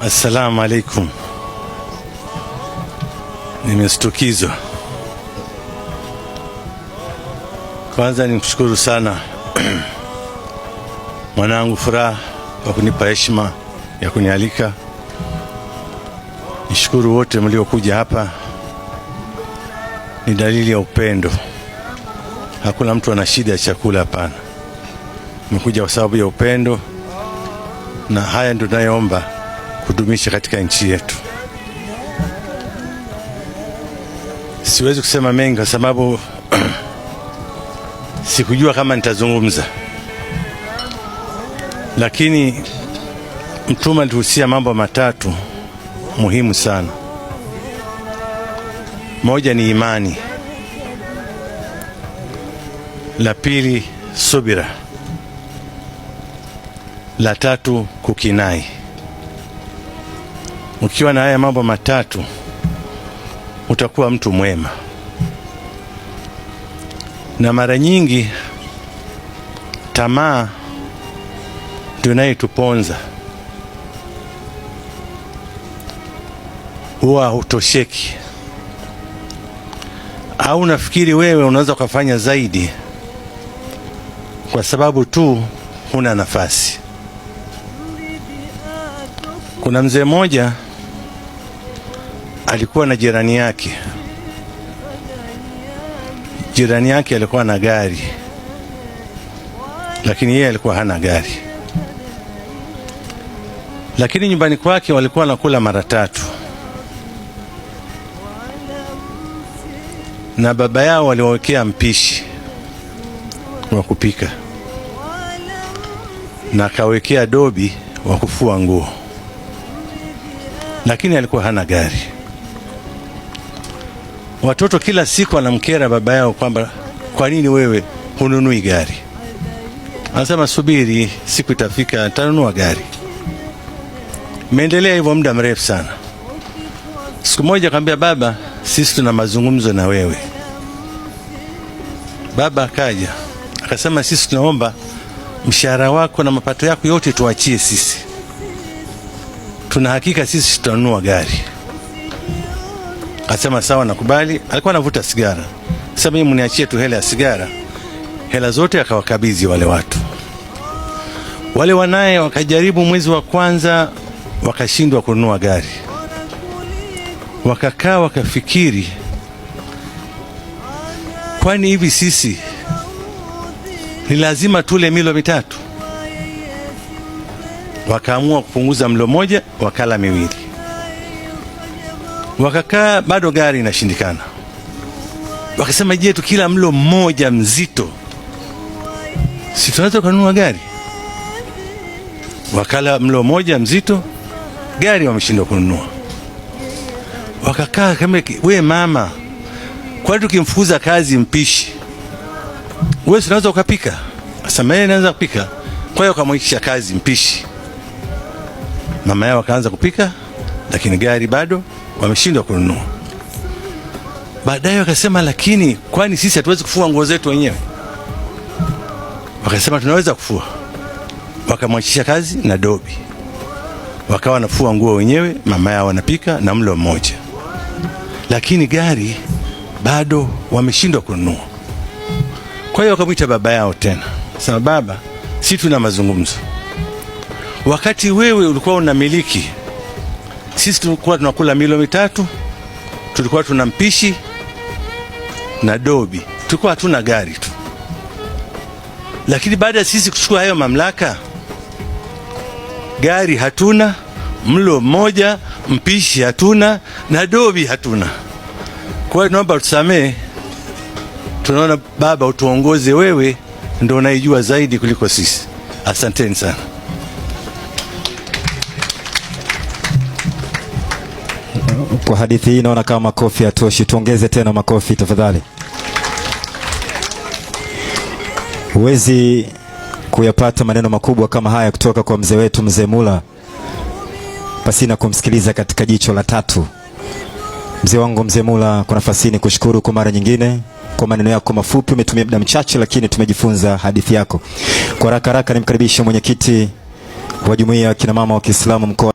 Assalamu alaikum. Nimestukizwa. Kwanza nimshukuru sana mwanangu Furaha kwa kunipa heshima ya kunialika. Nishukuru wote mliokuja hapa, ni dalili ya upendo. Hakuna mtu ana shida ya chakula, hapana. Mmekuja kwa sababu ya upendo, na haya ndio tunayoomba kudumisha katika nchi yetu. Siwezi kusema mengi kwa sababu sikujua kama nitazungumza, lakini Mtume alihusia mambo matatu muhimu sana. Moja ni imani, la pili subira, la tatu kukinai. Ukiwa na haya mambo matatu utakuwa mtu mwema. Na mara nyingi tamaa ndio inayotuponza, huwa hutosheki au unafikiri wewe unaweza ukafanya zaidi, kwa sababu tu huna nafasi. Kuna mzee mmoja alikuwa na jirani yake. Jirani yake alikuwa na gari, lakini yeye alikuwa hana gari. Lakini nyumbani kwake walikuwa wanakula mara tatu, na baba yao waliwawekea mpishi wa kupika na akawekea dobi wa kufua nguo, lakini alikuwa hana gari. Watoto kila siku wanamkera baba yao kwamba kwa nini wewe hununui gari? Anasema subiri, siku itafika nitanunua gari. meendelea hivyo muda mrefu sana. Siku moja akamwambia baba, sisi tuna mazungumzo na wewe. Baba akaja akasema, sisi tunaomba mshahara wako na mapato yako yote tuachie sisi, tuna hakika sisi tutanunua gari. Akasema sawa, nakubali. Alikuwa anavuta sigara. Sasa mimi mniachie tu hela ya sigara, hela zote akawakabidhi wale watu wale. Wanaye wakajaribu mwezi wa kwanza, wakashindwa kununua gari, wakakaa wakafikiri, kwani hivi sisi ni lazima tule milo mitatu? Wakaamua kupunguza mlo moja, wakala miwili wakakaa, bado gari inashindikana. Wakasema, je, tukila mlo mmoja mzito si tunaweza kununua gari? Wakala mlo mmoja mzito, gari wameshindwa kununua. Wakakaa kama, we mama, kwani tukimfukuza kazi mpishi, we unaweza ukapika? Asema yeye eh, anaweza kupika, kwa hiyo akamwikisha kazi mpishi. Mama yao akaanza kupika, lakini gari bado wameshindwa kununua. Baadaye wakasema, lakini kwani sisi hatuwezi kufua nguo zetu wenyewe? Wakasema tunaweza kufua, wakamwachisha kazi na Dobi, wakawa wanafua nguo wenyewe, mama yao wanapika na mlo mmoja, lakini gari bado wameshindwa kununua. Kwa hiyo wakamwita baba yao tena, sema baba, si tuna mazungumzo, wakati wewe ulikuwa unamiliki sisi tulikuwa tunakula milo mitatu, tulikuwa tuna mpishi na dobi, tulikuwa hatuna gari tu. Lakini baada ya sisi kuchukua hayo mamlaka, gari hatuna, mlo mmoja, mpishi hatuna na dobi hatuna. Kwa hiyo tunaomba tusamee, tunaona Baba utuongoze, wewe ndo unaijua zaidi kuliko sisi. Asanteni sana. Kwa hadithi hii naona kama makofi hatoshi, tuongeze tena makofi tafadhali. Huwezi kuyapata maneno makubwa kama haya kutoka kwa mzee wetu mzee Mula pasina kumsikiliza katika jicho la tatu. Mzee wangu mzee Mula, kwa nafasi ni kushukuru kwa mara nyingine kwa maneno yako mafupi. Umetumia muda mchache, lakini tumejifunza hadithi yako. Kwa haraka haraka, nimkaribishe mwenyekiti wa jumuiya ya kina mama wa Kiislamu mkoa